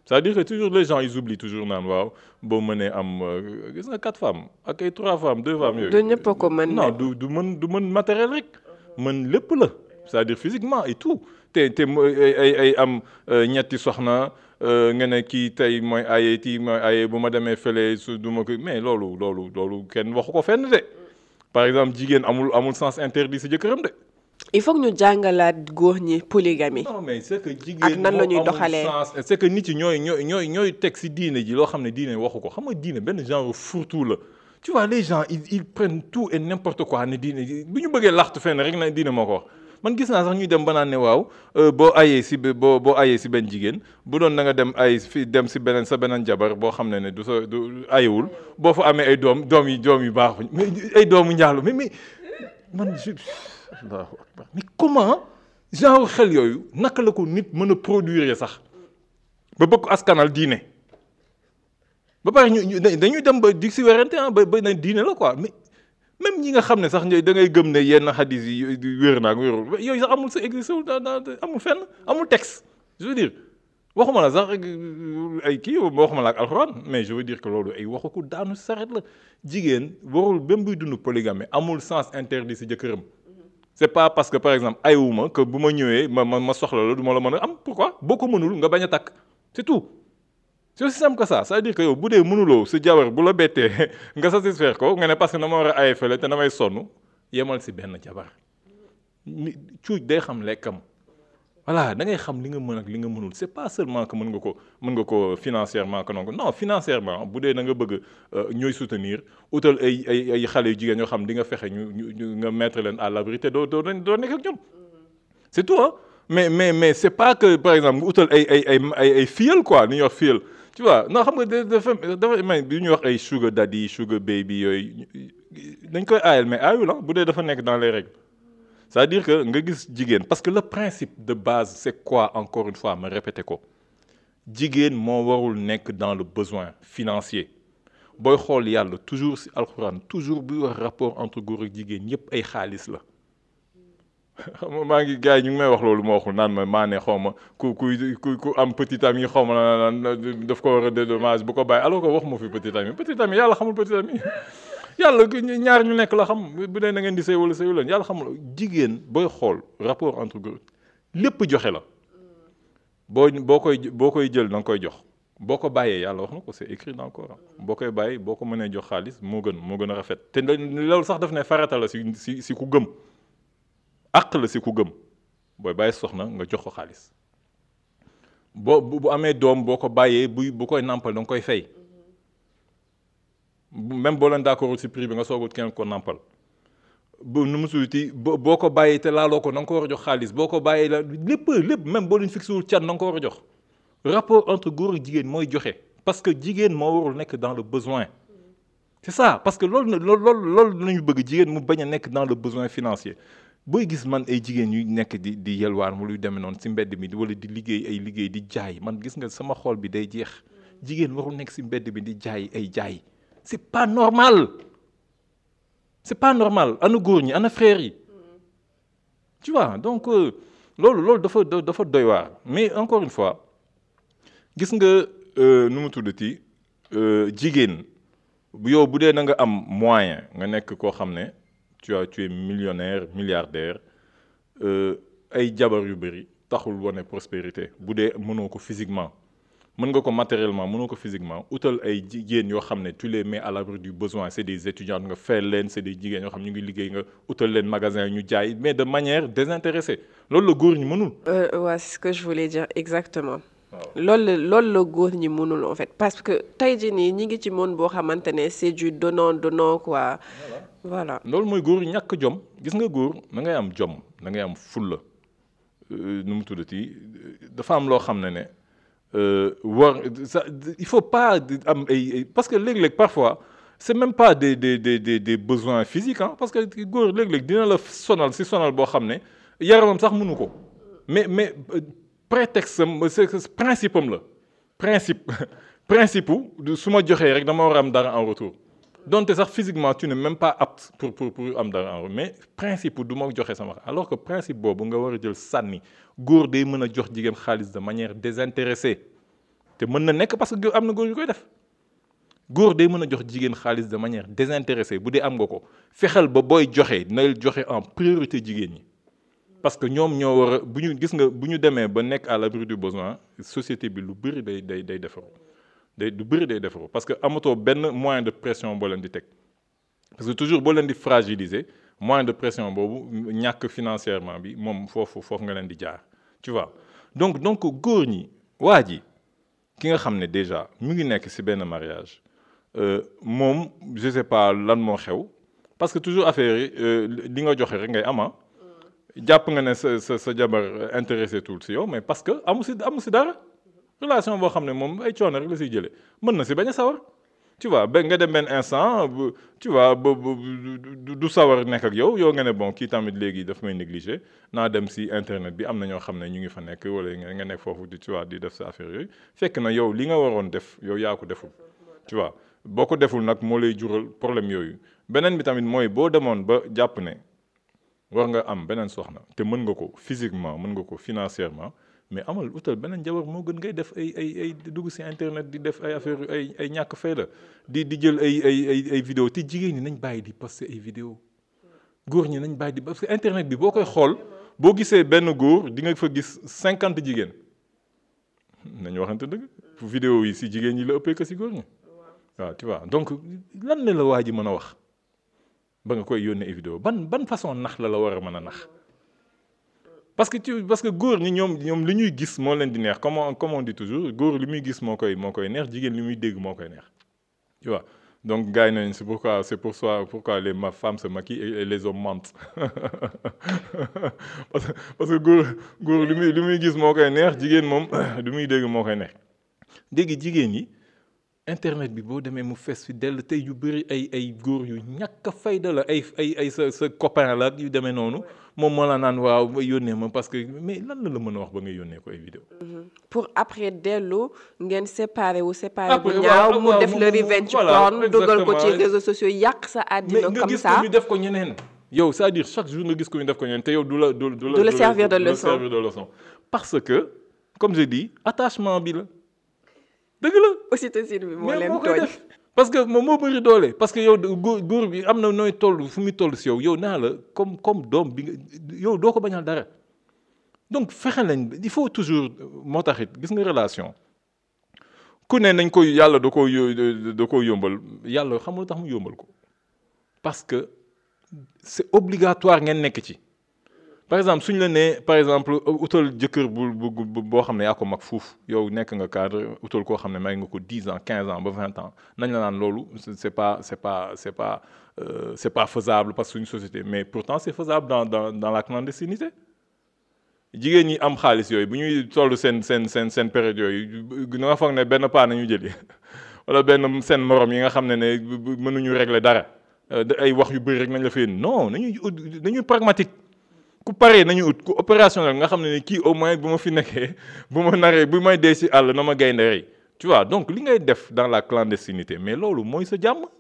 c'est-à-dire que toujours les gens ils toujours naan waaw boo mënee am euh, gis nga quatre femmes ak ay trois femmes deux femmes yooyu. du ñëpp a ko mën non du du mën du mën matériel rek mën lépp la c'est-à-dire physiquement et te te ay ay am euh, ñetti soxna euh, nga ne kii tey mooy aye kii mooy aye bu ma demee fële su du ma ko mais loolu loolu loolu kenn waxu ko fenn de par exemple jigéen amul amul sens interdit si jëkkëram de. il faut ñu jàngalaat góor ñi polygamie. non mais c'est que jigéen ak nan la ñuy doxalee c'est que nit yi ñooy ñooy ñooy ñooy teg si diine ji loo xam ne diine waxu ko xam nga diine benn genre fourre la. tu vois les gens ils ils prennent tout et n'importe quoi ne diine bi ñu bëggee laxtu fenn rek na diine moo ko man gis naa sax ñuy dem ba naan ne waaw euh, boo ayee si boo boo ayee si benn jigéen bu doon na nga dem ay fi dem si beneen sa beneen jabar boo xam ne ne du sa du ayewul boo fa amee ay doom doom yi doom yu baaxuñ mais ay doomu njaalu mais mais man je allahu comment genre xel yooyu naka la ko nit mën a produire sax ba bëgg askanal diine ba pare ñu dañuy dem ba di si werante ah ba ba diine la quoi mais. même ñi nga xam ne sax ñooy da ngay gëm ne yenn xadis yi wér naa wérul yooyu sax amul sa existé wul amul fenn amul texte je veux dire waxuma la sax euh, ay kii waxuma la ak alxuraan mais je veux dire que loolu ay waxu ko daanu saret la jigéen warul même buy dund polygamie amul sens interdit si jëkkëram. c'est pas parce que par exemple aywu ma bu ma ñëwee ma ma ma soxla la du la mën a am pourquoi boo ko mënul nga bañ a takk c'est tout. c'est aussi simple que saa cest dire que yow bu dee mënuloo si jabar bu la bettee nga satisfaire ko nga ne parce que na ma war a ay fële te damay sonn yemal si benn jabar cuuj day xam lekkam voilà da ngay xam li nga mën ak li nga mënul c'est pas seulement que mën nga ko mën nga ko financièrement ko non non financièrement bu dee da nga bëgg euh, ñooy soutenir utal ay ay ay xale yu jigéen ñoo xam di nga fexe ñu ñu nga mettre leen à l'abri te doo doo doo nekk ak ñoom c'est tout hein mais mais mais c'est pas par exemple nga utal ay ay ay ay ay fiyal quoi ni ñuy wax fiyal tu vois non xam nga dafa dafa may du ñuy wax ay sugar daddy sugar bi yooyu dañ koy aayal mais aayul ah bu dee dafa nekk dans les règles c'est-à-dire que nga gis jigéen parce que le principe de base c'est quoi encore une fois ma répété ko jigéen moo warul nekk dans le besoin financier booy xool yàlla toujours ci alxuraan toujours buy wax rapport entre góor jigéen ñëpp ay xaalis la xam nga maa ngi gars yi ñu ngi may wax loolu ma waxul naan ma maa ne xaw ma ku ku ku am petit ami xaw ma lan daf ko war a dédommage bu ko bàyyi alors ko wax ma fi petit ami petit ami yàlla xamul petit ami yàlla ñaar ñu nekk la xam bu dee na ngeen di sëy wala sëyu leen yàlla xamul jigéen booy xool rapport entre góor lépp joxe la boo boo koy boo koy jël na koy jox boo ko bàyyee yàlla wax na ko c'est écrit dans boo koy bàyyi boo ko mënee jox xaalis moo gën moo gën a rafet te loolu sax def ne farata la si si si ku gëm. àq la si ku gëm booy bàyyi soxna nga jox ko xaalis boo bu amee doom boo ko bàyyee bu bu koy nàmpal da nga koy fay mm-hmm. même boo leen d'accordul si prix bi nga soogut kenn ko nàmpal bu nu mu suuti boo ko bàyyee te laaloo ko na ko war a jox xaalis boo ko bàyyee la lépp lépp même boo leen fixé wul cat na nga ko war a jox rapport entre góor ak jigéen mooy joxe parce que jigéen moo warul nekk dans le besoin mm-hmm. c'est ça parce que loolu loolu lool loolu nañu bëgg jigéen mu bañ a nekk dans le besoin financier booy gis man ay jigéen yu nekk di di yelwaar mu luy demee noonu si mbedd mi wala di liggéey ay liggéey di jaay man gis nga sama xool bi day jeex jigéen warul nekk si mbedd bi di jaay ay jaay c'est pas normal c'est pas normal ana góor ñi ana frère yi mm. donc euh, loolu loolu dafa dafa doy waa mais encore une fois gis nga euh, nu mu tudd tuddati euh, jigéen yow bu dee na nga am moyen nga nekk koo xam ne tu as tu es millionnaire milliardaire euh, ay jabar yu bëri taxul wane prospérité bu dee mënoo ko physiquement mën nga ko matériellement mënoo ko physiquement utal ay jigéen yoo xam ne tu les mais à l'abri du besoin c'est des étudiants nga fayal leen c'est des jigéen yoo xam ñu ngi liggéey nga utal leen magasin ñu jaay mais de manière désintéressée loolu la góor ñi mënul. waaw euh, c'est ce que je voulais la ñi mënul en fait que tey jii nii ñi ngi ci monde boo xamante ne c'est du donnant donnant voilà loolu mooy góor ñàkk jom gis nga góor na am jom na ngay am fulla euh, nu mu tuddati dafa am loo xam ne ne euh, war il faut pas am ay parce que léeg-léeg parfois c'est même pas de de des des des besoins physiques ah parce que góor léeg-léeg dina la sonal si sonal boo xam ne yaramam sax munu ko mais mais euh, prétexte am c'est principe la principe principe su ma joxee rek dama war am dara en retour. donte sax physiquement tu n'es même pas apte pour pour pour am dara mais principe du ma joxe sama alors que principe boobu nga war a jël sànni góor day mën a jox jigéen xaalis de manière désintéressée te mën na nekk parce que am na góor yu koy def góor day mën a jox jigéen xaalis de manière désintéressée bu dee am nga ko fexeel ba booy joxe na joxe en priorité jigéen ñi. parce que ñoom ñoo war a bu ñu gis nga bu ñu demee ba nekk à l'abri du besoin société bi lu bëri day day day defaru de du bëri day defaru parce que amatoo benn moyen de pression boo leen di teg parce que toujours boo leen di fragiliser moyen de pression boobu ñàkk financièrement bi moom foofu foofu nga leen di jaar ci vois donc donc góor ñi waa ji ki nga xam ne déjà mu ngi nekk ci benn mariage euh, moom je sais pas lan moo xew parce que toujours affaire yi euh, li nga joxe rek ngay ama ah. jàpp nga ne sa sa sa jabar intéressé tout ci yow mais parce que amu ci amu si dara relation boo xam ne moom ay coono rek la siy jëlee mën na si bañ a sawar tu vois ba nga dem benn instant tu vois ba du sawar nekk ak yow yow nga ne bon kii tamit léegi daf may négligé naa dem si internet bi am na ñoo xam ne ñu ngi fa nekk wala nga nekk foofu di tu di def sa affaire yooyu fekk na yow li nga waroon def yow yaa ko deful tu boo ko deful nag moo lay jural problème yooyu beneen bi tamit mooy boo demoon ba jàpp ne war nga am beneen soxna te mën nga ko physiquement mën nga ko financièrement mais amal utal beneen jabar moo gën ngay def ay ay ay dugg si internet di def ay affaire ay ay ñàkk fayda di di jël ay ay ay ay vidéo te jigéen ñi nañ bàyyi di poster ay vidéo góor ñi nañ bàyyi di parce que internet bi boo koy xool boo gisee benn góor di nga fa gis cinquante jigéen nañu waxante dëgg vidéo yi si jigéen ñi la ëppee ko si góor ñi waaw tu vois donc lan la la waa ji mën a wax ba nga koy yónnee ay vidéo ban ban façon nax la la war a mën a nax parce que tu parce que góor ñi ñoom ñoom lu ñuy gis moo leen di neex comme on comme on dit toujours góor lu muy gis moo koy moo koy neex jigéen li muy dégg moo koy neex tu donc gars yi nañ c'est pourquoi c'est pour ça pourquoi les femmes les hommes mentent parce que parce que góor góor muy li muy gis moo koy neex jigéen moom li muy dégg moo koy neex dégg jigéen yi. internet bi boo demee mu fees fi dell tey yu bëri ay ay góor yu ñàkk fayda la ay ay ay sa sa copain la yu demee noonu moom moo la naan waaw ma yónnee ma parce que mais lan la la mën a wax ba nga yónnee ko ay vidéo mm-hmm. pour après dellu ngeen séparé wu séparé bu ñaaw mu def le revenge porn dugal ko ci réseaux sociaux yàq sa àddina comme ça ñu def ko ñeneen yow c'est-à-dire chaque jour nga gis ko ñu def ko ñeneen te yow du la du la servir de leçon parce que comme je dis bi la dëgg la ocytocine bi moo leen tooñ parce que moom moo bëri doolee parce que yow góor góor bi am na nooy toll fu muy toll si yow yow naa la comme comme doom bi nga yow doo ko bañal dara donc fexe nañ il faut toujours moo tax it gis nga relation ku ne nañ ko yàlla da ko da ko yombal yàlla xamul tax mu yombal ko parce que c'est obligatoire ngeen nekk ci par exemple suñu la nee par exemple utal jëkkër bu bu boo xam ne yaa ko mag fuuf yow nekk nga cadre utal koo xam ne may nga ko dix ans quinze ans ba vingt ans nañ la naan loolu c'est pas c'est pas c'est pas euh, c'est pas suñu société mais pourtant c'est faisable dans dans la clandestinité jigéen ñi am xaalis yooyu bu ñuy tollu seen seen seen seen période yooyu na nga foog ne benn paa nañu jëli wala benn seen morom yi nga xam ne ne mënuñu régle dara euh, ay wax yu bëri rek nañ la fay non ku paree nañu ut ku opérationnel nga xam ne ni kii au moins bu ma fi nekkee bu ma naree bi may dee si àll na ma gaynde rey tu vois donc li ngay def dans la clandestinité mais loolu mooy sa jàmm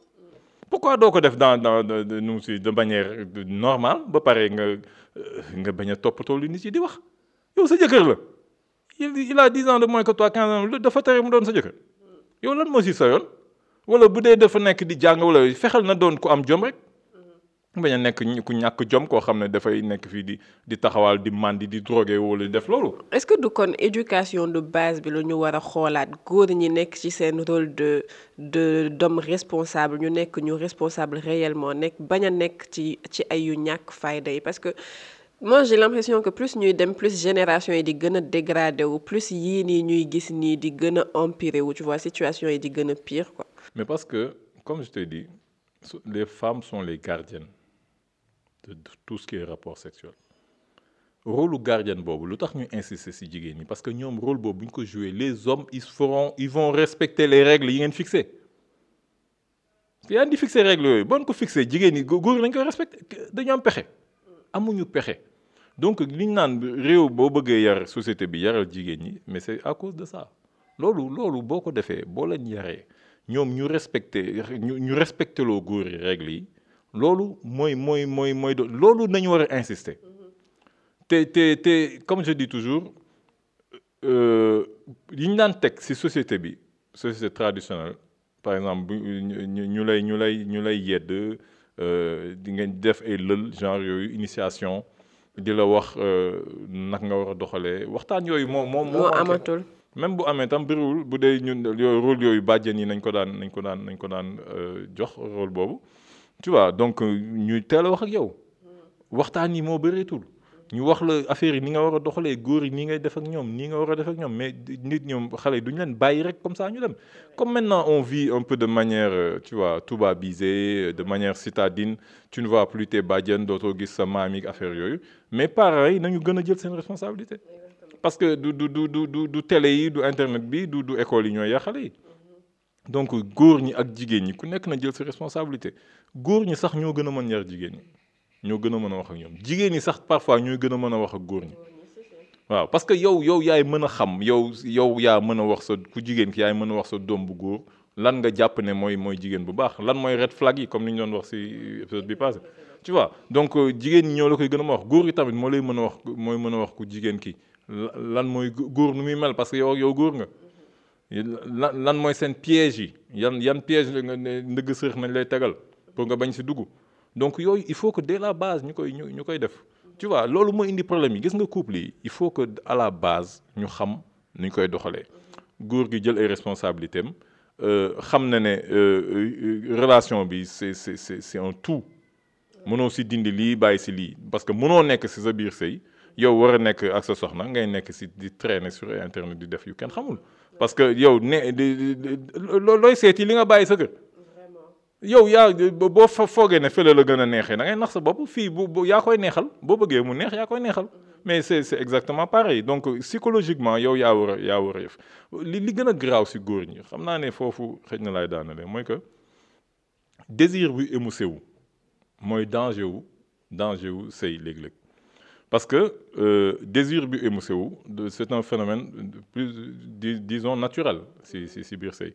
pourquoi doo ko def dans dans nu si de manière normale ba pare nga euh, nga bañ a toppatoo lu nit yi di wax yow sa jëkkër la il a dix ans de moins que toi quinze ans dafa tere mu doon sa jëkkër yow lan moo si sa yoon wala bu dee dafa nekk di jàng wala fexeel na doon ku am jom rek bañ a nekk ku ñàkk jom koo xam ne dafay nekk fii di di taxawaal di mandi di drogué wala di def loolu. est-ce que du kon éducation de base bi la ñu war a xoolaat góor ñi nekk ci seen rôle de de d'homme responsable ñu nekk ñu responsable réellement nekk bañ a nekk ci ci ay yu ñàkk fayda yi parce que. moi j'ai l'impression que plus ñuy dem plus génération yi di gën a dégradé wu plus yii nii ñuy gis nii di gën a empiré wu tu vois situation yi di gën a pire quoi. mais parce que comme je te dis les femmes de tout ce qui est rapport sexuel rôle gardien boobu lu tax ñu insister si jigéen ñi parce que ñoom rôle boobu bu ñu ko jouer les hommes ils feront ils vont respecter les règles yi ngeen fixé yaa di fixé règles yooyu boo ko fixé jigéen ñi góor lañ koy respecté dañu am pexe amuñu pexe donc liñ naan réew boo bëggee yar société bi yaral jigéen ñi mais c'est à cause de ça loolu loolu boo ko defee boo leen yaree ñoom ñu respecté ñu ñu respecté loo góor yi règles yi. loolu mooy mooy mooy mooy do loolu nañu war a insister te te te comme je dis toujours euh, euh, yi ñu daan teg si société bi société traditionnelle par exemple ñu lay ñu lay ñu lay yedd euh, di ngeen def ay lël genre yooyu initiation di la wax nag nga war a doxalee waxtaan yooyu moo moom moo amatul même bu amee tam bëriwul bu dee ñun yooyu rôle yooyu bàjjen yi nañ ko daan nañ ko daan nañ ko daan jox rôle boobu tu vois donc euh, ñu teela wax ak yow waxtaan yi moo bëreetul ñu wax la affaire yi ni nga war a doxalee góor yi nii ngay def ak ñoom nii nga war a def ñoom mais nit ñoom xale duñu leen bàyyi rek comme saa ñu dem comme maintenant on vi un peu de manière euh, tu vois toubabisée euh, de manière citadine tu ne vois plus tes bàjjen dootoo gis sa maam yi affaire yooyu mais parents yi nañu gën a jël seen responsabilité parce que du du du du du télé yi du internet bi du du école yi ñooy yàqale yi donc góor ñi ak jigéen ñi ku nekk na jël sa responsabilité góor ñi sax ñoo gën a mën yar jigéen ñi ñoo gën a mën a wax ak ñoom jigéen ñi sax parfois ñooy gën a mën a wax ak góor ñi waaw parce que yow yow yaay mën a xam yow yow yaa mën a wax sa ku jigéen ki yaay mën a wax sa doom bu góor lan nga jàpp ne mooy mooy jigéen bu baax lan mooy red flag yi comme ni ñu doon wax si épisode bi passé tu vois donc euh, jigéen ñi ñoo la koy gën a ma wax góor yi tamit moo lay mën a wax mooy mën a wax ku jigéen ki lan mooy góor nu muy mel parce que yow ak góor nga lan lan mooy seen piège yi yan yan piège la nga ne ndëgg sërëx nañ lay tegal pour nga bañ si dugg donc yooyu il faut que dès la base ñu koy ñu ñu koy def tu loolu moo indi problème yi gis nga couple yi il faut que à la base ñu xam ni ñu koy doxalee góor gi jël ay responsabilités am euh, xam na ne euh, euh, relation bi c'est c'est c'est c'est tout mënoo si dindi lii bàyyi si lii parce que mënoo nekk si sa biir sëy yow war a nekk ak sa soxna ngay nekk si di traîner sur internet di def yu kenn xamul parce que yow ne looy seet yi li nga bàyyi sa kër yow yaa boo foogee ne fële la gën a neexee da ngay nax sa bopp fii bu yaa koy neexal boo bëggee mu neex yaa koy neexal mais c'est c'est exactement pareil donc psychologiquement yow yaa war a yaa war a yëf li li gën a graaw si góor ñi xam naa ne foofu xëj na laay daanale mooy que désir bu émoussé wu mooy danger wu danger wu sëy léeg-léeg Parce que euh, désir bi émoussé wu c'est un phénomène plus dis, disons naturel si si si biir sëy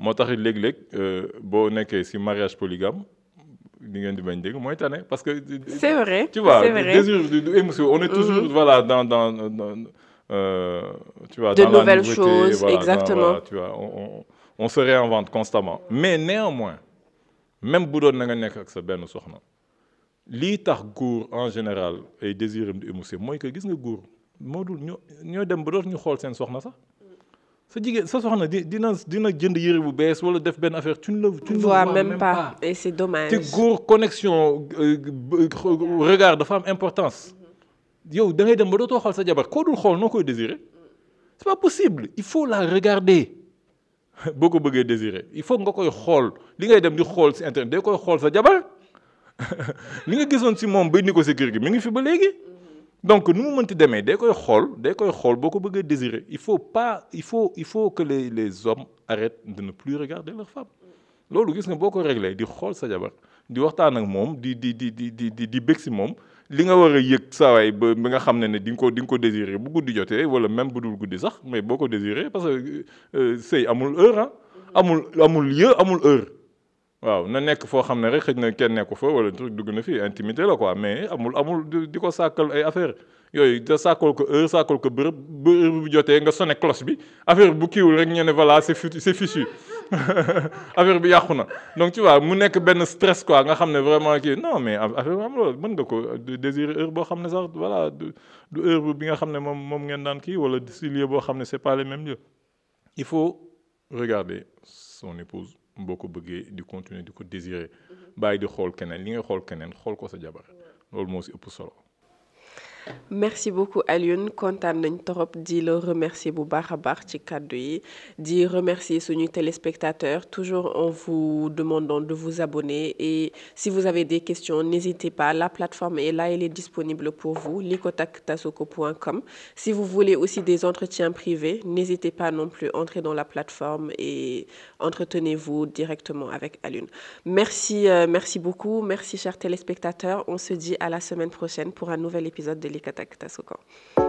moo taxit léeg-léeg euh, boo nekkee si mariage poligam li ngeen di bañ dégg mooy tane parce que. c'est vrai tu vois désir du émoussé wu on est toujours mm-hmm. voilà dans dans, dans euh, dans voilà, exactement dans, voilà, tu vois on, on, on se constamment mais néanmoins même bu doon na nga nekk ak sa benn soxna. lii tax góor en général ay désiram di émoussé mooy que gis nga góor moo dul ñoo ñoo dem ba dootu ñu xool seen soxna sax sa jigéen sa soxna di dina dina jënd yére bu bees wala def benn affaire tu ne la tu ne vois même pas et c'est dommage te góor connexion euh, regard dafa am importance yow da ngay dem ba dootoo xool sa jabar koo dul xool noo koy désirer c'est pas possible il faut la regarder boo ko bëggee désirer il faut nga koy xool li ngay dem di xool si internet day koy xool sa jabar li nga gisoon si moom bay ni ko si gi mi ngi fi ba léegi. donc nu mu mënti demee day koy xool day koy xool boo ko bëggee désirer il faut pas il faut il faut que les les hommes arrêtent de ne plus regarder leur femme loolu gis nga boo ko réglé di xool sa jabar di waxtaan ak moom di di di di di di di bëgg si moom li nga war a yëg saa waay ba bi nga xam ne ne di nga ko di nga ko désirer bu guddi jotee wala même bu dul guddi sax mais boo ko désirer parce que euh, sëy amul heure ah. amul amul lieu amul heure. waaw na nekk foo xam ne rek xëj na kenn nekku fa wala dugg na fi intimité la quoi mais amul amul di ko sàkkal ay affaire yooyu da sàkkal ko heure ko bërëb bu jotee nga sonné cloche bi affaire bu kiiwul rek ñu ne voilà c'est c'est fichu affaire bi yàqu na donc ci vois mu nekk benn stress quoi nga xam ne vraiment kii non mais affaire bi mën nga ko désirer heure boo xam ne sax voilà du heure bi nga xam ne moom moom ngeen daan kii wala si lieu boo xam ne c'est pas les mêmes il faut regarder son épouse boo ko bëggee di continuer di ko désirer bàyyi di xool keneen li ngay xool keneen xool ko sa jabar loolu moo si ëpp solo. merci beaucoup Alioune kontaan nañ torop di la remercier bu baax a baax ci kàddu yi di remercier suñuy téléspectateurs toujours en vous demandant de vous abonner et si vous avez des questions n'hésitez pas la plateforme est là elle est disponible pour vous licotaktasoco.com si vous voulez aussi des entretiens privés n'hésitez pas non plus entrer dans la plateforme et entretenez-vous directement avec Alioune merci euh, merci beaucoup merci chers téléspectateurs on se dit à la semaine prochaine pour un nouvel épisode de Angelica Takatasuko.